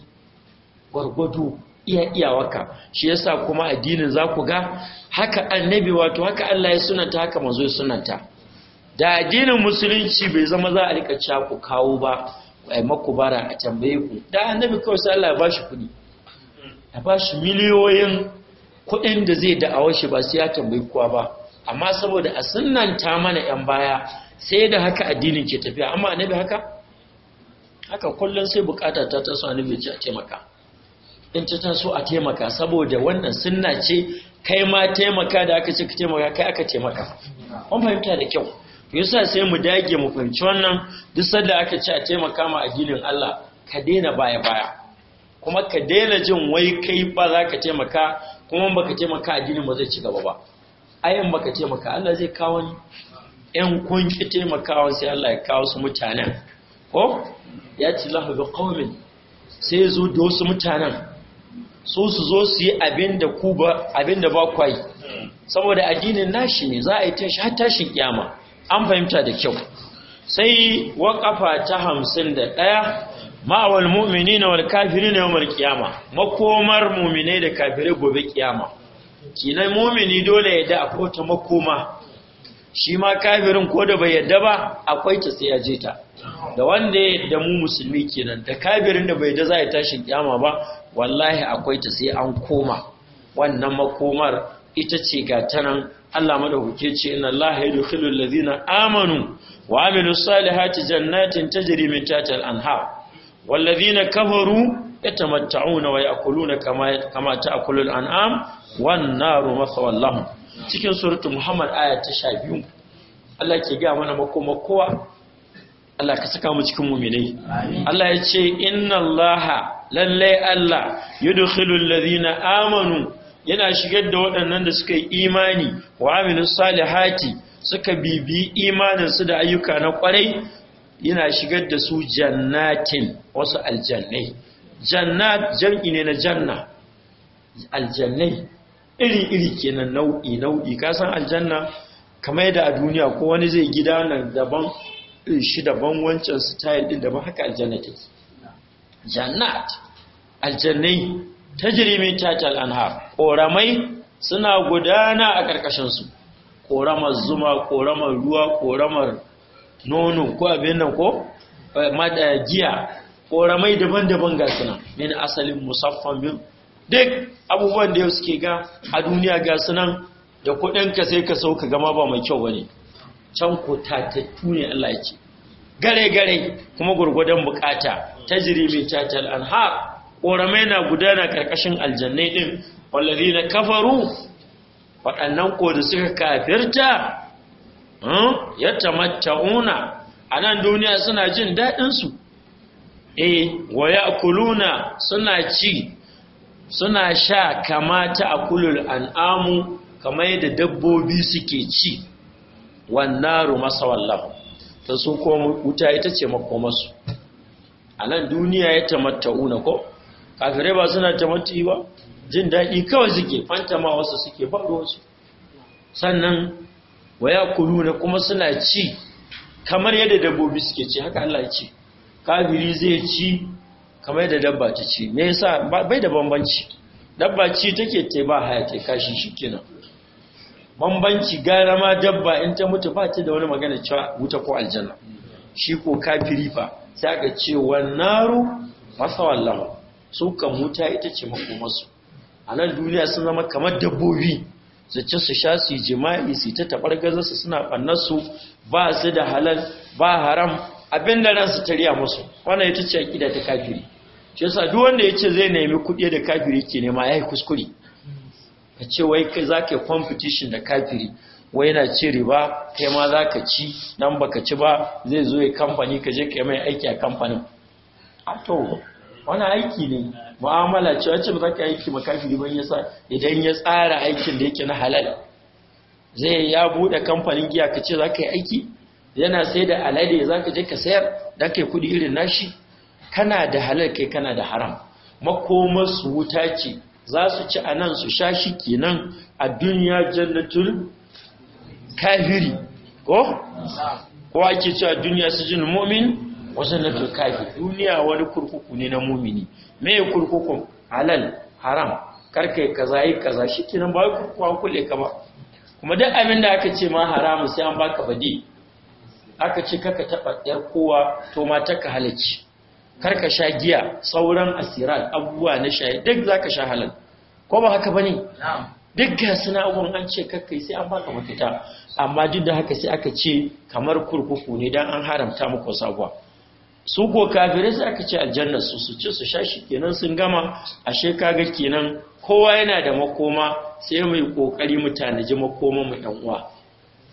gwargwado iya iyawaka shi yasa kuma addinin za ku ga haka annabi wato haka Allah ya sunanta haka manzo ya sunanta da addinin musulunci bai zama za a rika cewa ku kawo ba ai maku bara a tambaye ku da annabi kawai sai Allah ya bashi kuɗi ya bashi miliyoyin kuɗin da zai da'awa shi ba sai ya tambayi kuwa ba amma saboda a sunanta mana yan baya sai da haka addinin ke tafiya amma annabi haka haka kullun sai bukata ta taso annabi ce a taimaka in ta taso a taimaka saboda wannan sunna ce kai ma taimaka da aka ce ka taimaka kai aka taimaka mun fahimta da kyau yasa sai mu dage mu fahimci wannan duk sanda aka ce a taimaka ma addinin Allah ka daina baya baya kuma ka daina jin wai kai ba za ka taimaka kuma baka taimaka addinin ba zai ci gaba ba Ai ayan baka taimaka Allah zai kawo ni ƴan kun ki taimakawa sai Allah ya kawo su mutanen ko ya ci lahu bi qaumin sai zo da wasu mutanen So su zo su yi abin da ba abin saboda addinin nashi ne za a yi tashi tashin kiyama an fahimta da kyau sai waƙafa ta hamsin da ɗaya ma'awal mummini na wal na kiyama makomar mu'minai da kafirai gobe kiyama kinan mu'mini dole ya da akwai ta makoma shi ma kafirin ko da bai yadda ba akwai ta sai ya je ta da wanda ya yadda mu musulmi kenan da kafirin da bai da za a tashin kiyama ba wallahi akwai ta sai an koma wannan makomar ita ce ga tanan Allah madahuke ce inna Allah ya dukhilu allazina amanu wa amilus salihati jannatin tajri min tahtiha al-anhar wallazina kafaru yatamatta'una wa ya'kuluna kama kama ta'kulul an'am wan naru masawal lahum cikin suratu Muhammad aya ta 12 Allah ke ga mana makoma kowa Allah ka saka mu cikin mu'minai Allah ya ce inna Allah lallai Allah yudkhilu alladhina amanu yana shigar da waɗannan da suka yi imani wa aminu salihati suka bibi imanin su da ayyuka na kwarai yana shigar da su jannatin wasu aljannai jannat jam'i ne na janna aljannai iri-iri kenan nau'i nau'i kasan aljanna kamar da a duniya ko wani zai gida nan daban shi su wancan yi din ba haka aljanna take jannat aljannai jirimi ta tahtal har. koramai suna gudana a karkashin Ƙoramar zuma ƙoramar ruwa koramar nono ko abin nan ko eh, madajiya. Eh, Ƙoramai daban-daban ga suna min asalin musaffan bin duk abubuwan da yau suke ga a duniya ga sunan da kuɗinka sai ka sauka gama ba mai kyau ba ne can ko tatattu ne Allah ya ce gare gare kuma gurgudan bukata tajri min tatal anhar ƙoramai na gudana karkashin aljannai din wallazina kafaru waɗannan ko da suka kafirta hmm, ya tamatta'una a nan duniya suna jin daɗinsu eh wa kuluna suna ci suna sha kamata a kulul an'amu kamar yadda dabbobi suke ci Wannaru masawallahu ta su ko wuta ita ce makomarsu a nan duniya ya tamatta'una ko kafirai ba suna tamatti ba jin daɗi kawai suke fantama wasu suke ba wasu. sannan waya kuluna kuma suna ci kamar yadda dabbobi suke ci haka Allah ci. ce kafiri zai ci kamar yadda dabba ta ci me yasa bai da bambanci dabba ci take ta ba haya ta kashi shi shikenan bambanci gara ma dabba in ta mutu ba ta da wani magana cewa wuta ko aljanna shi ko kafiri fa sai aka ce wannaru masa wallahu su kan muta ita ce makomarsu a nan duniya sun zama kamar dabbobi zace su sha su jima'i su ta tabar su suna su ba su da halal ba haram abin da ran su tariya musu wannan ita ce akida ta kafiri shi yasa duk wanda ya ce zai nemi kuɗi da kafiri ke nema yayi kuskure ka ce wai kai za ka yi competition da kafiri wai na ci riba kai ma za ka ci nan baka ci ba zai zo ya kamfani ka je kai mai aiki a kamfanin a to wani aiki ne mu'amala ce wacce ba za ka aiki kafiri ban yasa idan ya tsara aikin da yake na halal zai ya bude kamfanin giya ka ce za ka yi aiki yana sai da alade za ka je ka sayar da ka yi kuɗi irin nashi kana da halal kai kana da haram su wuta ce za su ci a nan su sha shi kenan a duniya jannatul kafiri ko ko ake a duniya su jin mumin wasu na kafir duniya wani kurkuku ne na mumini me kurkukun halal haram karkai kaza yi kaza shi kenan ba kurkuku an kulle ka ba kuma duk abin da aka ce ma haramu sai an baka badi aka ce kaka taɓa ɗar kowa to ma ta ka halarci kar ka sha giya sauran asirat abubuwa na shaye duk za ka sha halal ko ba haka ba ne? duk ga suna abubuwan an ce kakai sai an baka mafita amma duk da haka sai aka ce kamar kurkuku ne don an haramta muku sabuwa su ko kafire sai aka ce aljanna su su ce su sha shi kenan sun gama a shekaga kenan kowa yana da makoma sai mai kokari mutane ji makoman mu dan uwa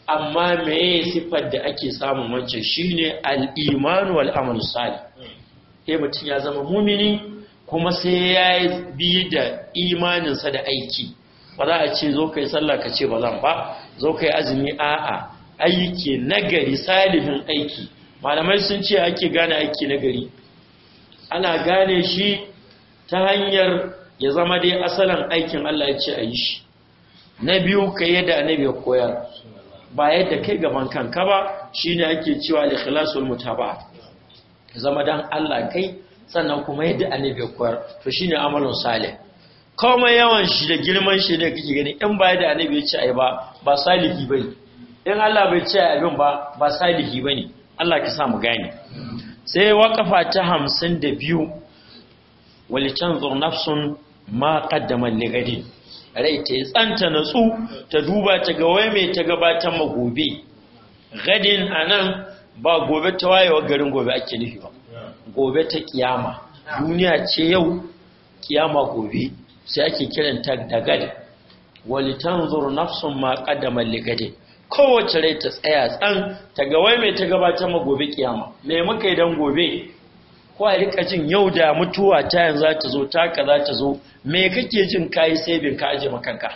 amma meye sifar da ake samun wancan shine al-iman wal amal salih sai mutum ya zama mumini kuma sai ya bi da imaninsa da aiki ba za a ce zo ka yi sallah ka ce ba zan ba zo ka yi azumi a'a aiki nagari salihin aiki malamai sun ce ake gane aiki nagari ana gane shi ta hanyar ya zama dai asalin aikin Allah ya ce a yi shi na biyu ka da na ya koyar ba yadda kai gaban kanka ba shi shine ake cewa da ikhlasul mutaba'a zama dan Allah kai sannan kuma yadda annabi koyar to shine amalin salih kuma yawan shi da girman shi da kake gani in ba da annabi ya ce ai ba ba salihi bane in Allah bai ce abin ba ba salihi bane Allah ki sa mu gane sai waqafa ta 52 tanzur nafsun ma li gadi. rai ta tsanta natsu ta duba ta ga wai mai ta gabatar magobe gadin anan ba gobe ta wayewa garin gobe ake nufi ba gobe ta kiyama duniya ce yau kiyama gobe sai ake kiranta da gade walitanzur nafsun ma qaddama ligade kowace rai ta tsaya tsan ta gawai mai ta gabata ma gobe kiyama me muka yi dan gobe ko a rika jin yau da mutuwa ta yanzu za ta zo ta za ta zo me kake jin kayi sai bin ka aje makanka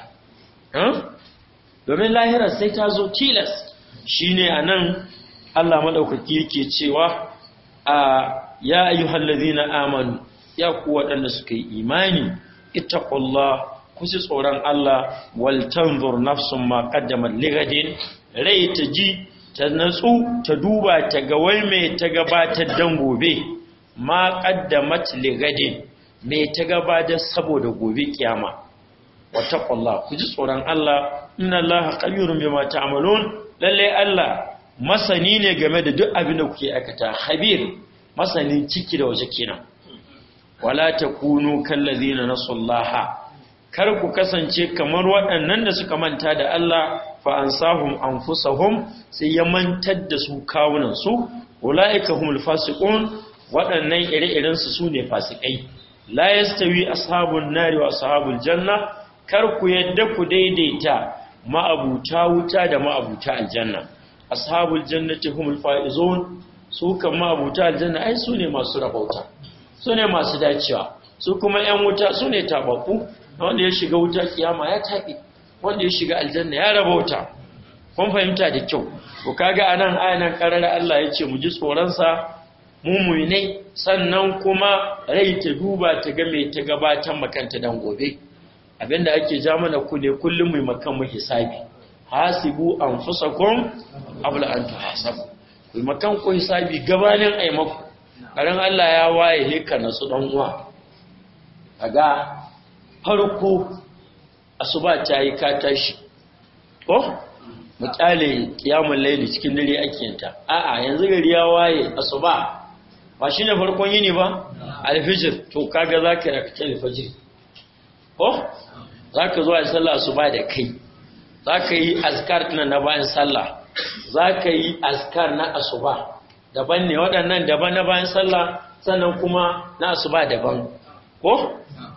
domin lahira sai ta zo tilas shine nan. Allah madaukaki yake cewa a ya ayyuhallazina amanu ya ku waɗanda suka yi imani ittaqullah ku ji tsoron Allah wal tanzur nafsum ma qaddamat lighadin rai ta ji ta natsu ta duba ta ga wai me ta gabatar dan gobe ma qaddamat lighadin me ta gabatar saboda gobe kiyama wattaqullah ku ji tsoron Allah inna Allaha qayyurun bima ta'malun lalle Allah masani ne game da duk abin da kuke aikata khabir masanin ciki da waje kenan wala takunu kallazina nasallaha kar ku kasance kamar waɗannan da suka manta da Allah fa ansahum anfusahum sai ya mantar da su kawunan su ulaika humul fasiqun waɗannan ire-iren su sune fasikai la yastawi ashabun nari wa ashabul janna kar ku yadda ku daidaita ma'abuta wuta da ma'abuta aljanna ashabul jannati humul faizun su kan mabuta aljanna ai su ne masu rabauta su ne masu dacewa su kuma yan wuta su ne tabaku wanda ya shiga wuta kiyama ya tabi wanda ya shiga aljanna ya rabauta kun fahimta da kyau ko kaga anan ayanan karar Allah ya ce mu ji tsoron sa mu muminai sannan kuma rai ta duba ta ga mai ta gabatar makanta dan gobe abinda ake ja mana ne kullum mai makan mu hisabi hasibu an anfusakum qabla an tuhasabu makan ku hisabi gabanin aimaku Karin Allah ya waye ne na su dan uwa ga farko asuba ta yi ka tashi ko mu kyale kiyamul laili cikin dare ake yanta a'a yanzu gari ya waye asuba ba shine farkon yini ba alfijir to kaga zaka rakace alfijir ko zaka zo ai sallah asuba da kai za ka yi askar tunan na bayan sallah za ka yi askar na asuba daban ne waɗannan daban na bayan sallah sannan kuma na asuba daban ko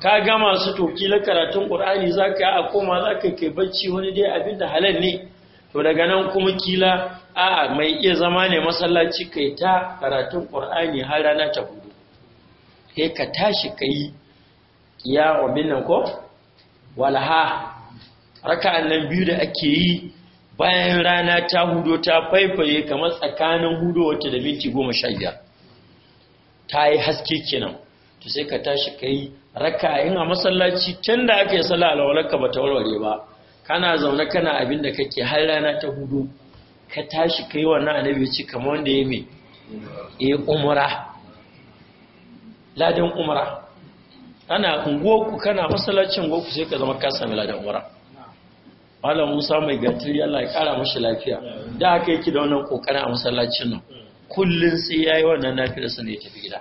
ka gama su toki na karatun ƙur'ani za ka yi a koma za ka kai bacci wani dai abin da halar ne to daga nan kuma kila a mai iya zama ne masallaci kai ta karatun ƙur'ani har rana ta hudu sai ka tashi ka yi ya wabin nan ko walha raka'an nan biyu da ake yi bayan rana ta hudo ta faifaye kamar tsakanin hudo wata da minti goma sha biyar ta yi haske kenan to sai ka tashi ka yi raka in a masallaci can da aka yi sallah alwalarka ba ta warware ba kana zaune kana abin da kake har rana ta hudu ka tashi ka yi wannan annabi ci kamar wanda ya mai eh umra ladan kana ana unguwarku kana masallacin unguwarku sai ka zama ka sami ladan umra malam musa mai gatiri allah ya kara mashi lafiya da aka yi da wannan kokarin a masallacin nan kullum sai ya yi wannan nafiyar sa ne ya tafi gida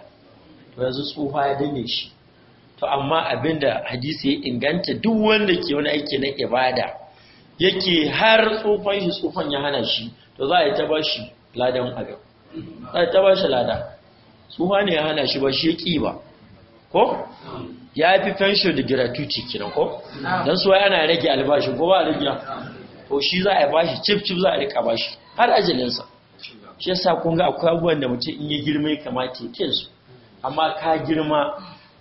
to yanzu tsufa ya dane shi to amma abinda hadisi ya inganta duk wanda ke wani aiki na ibada yake har tsufan shi tsufan ya hana shi to za a yi ta ba shi ladan abin za a yi ta ba shi lada ne ya hana shi ba shi ba ko ya fi fenshi da gratuity kenan ko don suwa yana rage albashi ko ba rage to shi za a yi bashi cip-cip za a rika bashi har ajalinsa shi yasa kun ga akwai abubuwan da mutum in yi girma ya kamata ya su amma ka girma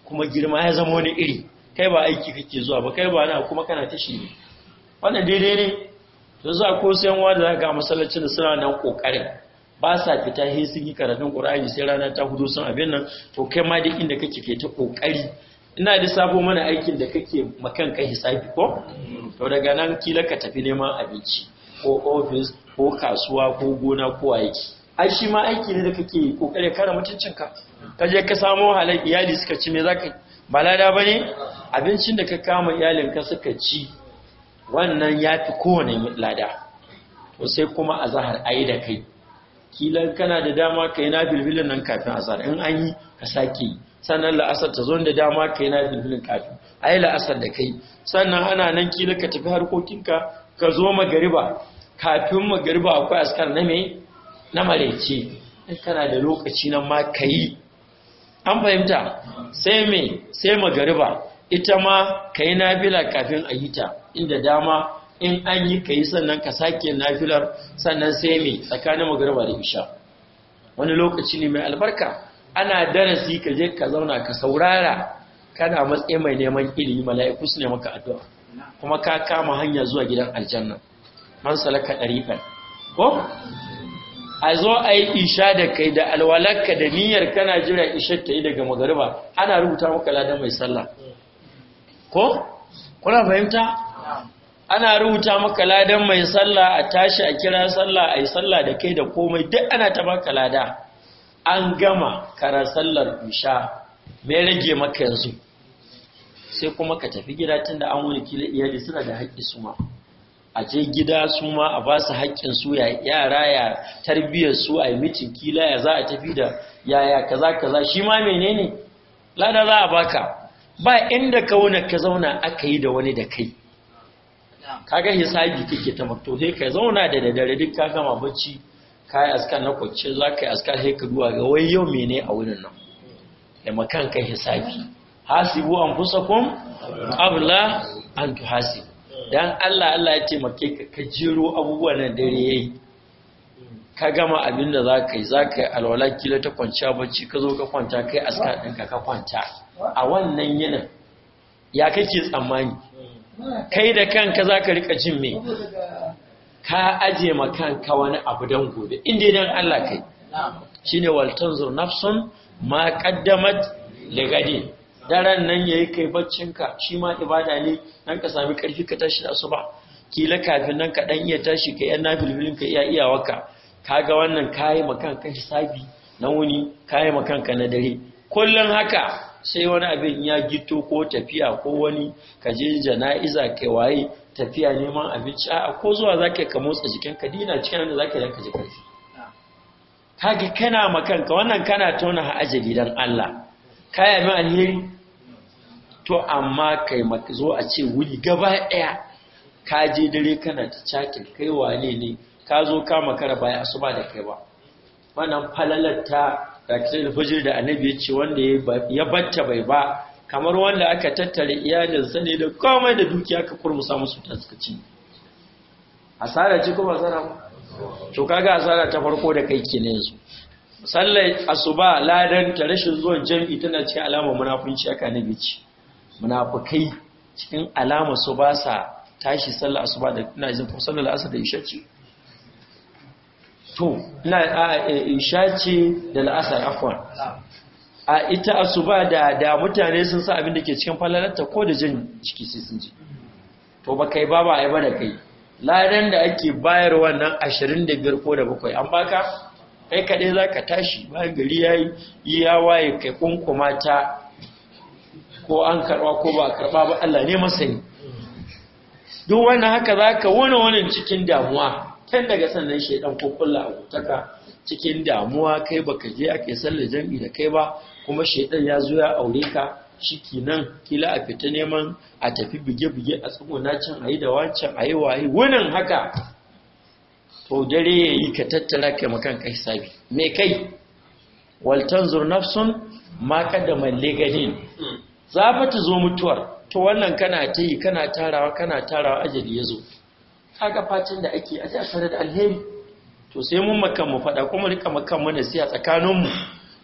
kuma girma ya zama wani iri kai ba aiki kake zuwa ba kai ba na kuma kana ta ne. wannan daidai ne da za ko sayan da za ga masallacin da suna nan kokarin ba sa fita hin sun yi karatun qur'ani sai rana ta hudu sun abin nan to kai ma duk inda kake ke ta kokari ina da sabo mana aikin da kake makan ka hisabi ko to daga nan kila ka tafi neman abinci ko ofis ko kasuwa ko gona ko aiki ai shi ma aiki ne da kake kokare kare mutuncin ka je ka samo halai iyali suka ci me zaka ba lada bane abincin da ka kama iyalin ka suka ci wannan yafi kowane lada to sai kuma azhar ai da kai kila kana da dama kai na bilbilin nan kafin azhar in an yi ka sake yi sannan la'asar ta zo da dama kai na filfilin kafin a yi la'asar da kai sannan ana nan kila ka tafi harkokinka ka zo magariba kafin magariba akwai askar na mai na marece in kana da lokaci nan ma ka yi an fahimta sai mai sai magariba ita ma ka yi nafila kafin a yi ta inda dama in an yi ka yi sannan ka sake nafilar sannan sai mai tsakanin magariba da isha wani lokaci ne mai albarka ana darasi ka je ka zauna ka saurara kana matsayi mai neman ilimi mala'iku su ne maka addu'a kuma ka kama hanya zuwa gidan aljanna man salaka dariqan ko a zo a yi isha da kai da alwalaka da niyyar kana jira ishar ta yi daga magariba ana rubuta maka ladan mai sallah ko kuna fahimta ana rubuta maka ladan mai sallah a tashi a kira sallah a yi sallah da kai da komai duk ana ta baka lada an gama karar sallar isha mai rage maka yanzu sai kuma ka tafi gida tun da an wani kila iyali suna da haƙƙi su ma a je gida su ma a ba su haƙƙin su ya yara ya tarbiyyar su a yi mitin kila ya za a tafi da yaya kaza kaza shi ma menene lada za a baka ba inda ka wuna ka zauna aka yi da wani da kai kaga hisabi kake ta sai ka zauna da dare duk ka gama bacci ka yi na kwace za ka yi aska sai ka ga wai yau mene a wurin nan da makan kai hisabi hasibu an fusa kun abla an tu hasibu dan Allah Allah ya make ka ka jiro abubuwa na dare yayi ka gama abin da za ka yi za ka yi alwala kila ta kwanciya bacci ka zo ka kwanta kai aska ɗinka ka kwanta a wannan yana ya kake tsammani kai da kanka za ka rika jin me ka aje ma kanka wani abu dan gobe inda dan Allah kai shine wal tanzur nafsun ma qaddamat ligadi daren nan yayi kai baccinka shi ma ibada ne nan ka sami karfi ka tashi da asuba kila kafin nan ka dan iya tashi ka yan nafilfilin ka iya Ka kaga wannan kayi ma kanka hisabi na wuni kayi ma kanka na dare Kullum haka sai wani abin ya gito ko tafiya ko wani kaje jana'iza kai waye tafiya neman abinci a ko zuwa za ka motsa jikin ka dina cikin wanda za ka yanka ji karfi kaga kana makanka wannan kana tona ha'aje dan Allah Kaya mai alheri to amma kai zo a ce wuri gaba ɗaya ka je dare kana ta cakin kai wane ne ka zo ka makara baya asuba da kai ba wannan falalar ta da fujir da annabi ya ce wanda ya batta bai ba kamar wanda aka tattare iyalinsa ne da komai da dukiya ka kurmusa musu ta suka ci asara ce kuma asara to kaga asara ta farko da kai ke ne yanzu sallar asuba ladan ta rashin zuwan jami'i tana cikin alama munafunci aka nabi ci munafukai cikin alama su ba sa tashi sallar asuba da ina jin ko sallar asar da isha ce to ina isha ce da la'asar afwan a ita asuba da da mutane sun sa abin da ke cikin falalarta ko da jin ciki sai sun ji to ba kai ba ba ai ba da kai ladan da ake bayar wannan 25 ko da bakwai an baka kai kaɗai zaka tashi bayan gari ya yi ya waye kai kunkuma ta ko an karɓa ko ba karba ba Allah ne masani duk wannan haka zaka ka wani wani cikin damuwa kan daga sannan shedan ko kulla abutaka cikin damuwa kai baka je ake sallar jam'i da kai ba kuma shaidan ya zo ya aure ka shi nan kila a fita neman a tafi bige-bige a tsuguna can ayi da wancan a yi waye wunin haka to dare ya yi ka tattara kai makan kai sabi me kai waltan nafsun ma kada malle ganin za fa ta zo mutuwar to wannan kana ta yi kana tarawa kana tarawa ajali ya zo kaga fatan da ake a da alheri to sai mun makan mu faɗa kuma rika makan mu nasiha tsakaninmu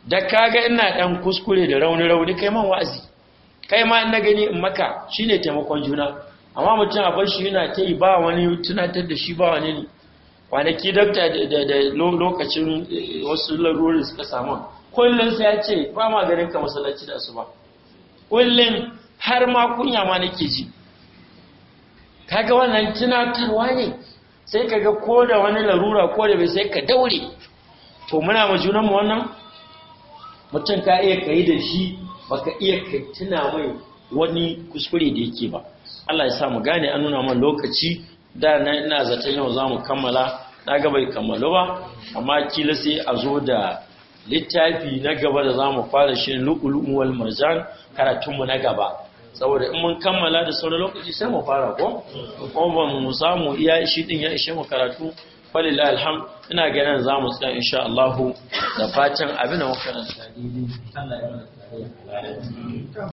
da kaga ina dan kuskure da rauni rauni kai man wa'azi kai ma na gani in maka shine taimakon juna amma mutum a shi yana ta yi ba wani tunatar da shi ba wani ne kwanaki dakta da lokacin eh, wasu larurin suka samu kullum sai ya ce ba ma ganin ka masallaci da su ba kullum har ma kunya ma nake ji kaga wannan tunatarwa ne sai kaga ko da wani larura ko da bai sai ka daure to muna ma junanmu wannan mutum ka iya kai da shi ba ka iya kai tuna mai wani kuskure da yake ba Allah ya sa mu gane an nuna man lokaci da na ina zaton yau zamu kammala na ga bai kammalo ba amma kila sai a zo da littafi na gaba da zamu mu fara shirin wal marjan karatunmu na gaba saboda in mun kammala da sauran lokaci sai mu fara ko kuma mu samu iya shi din ya ishe mu karatu falilai alhamd ina ganin za mu tsaya insha Allah da fatan abin da muka ranta daidai Allah ya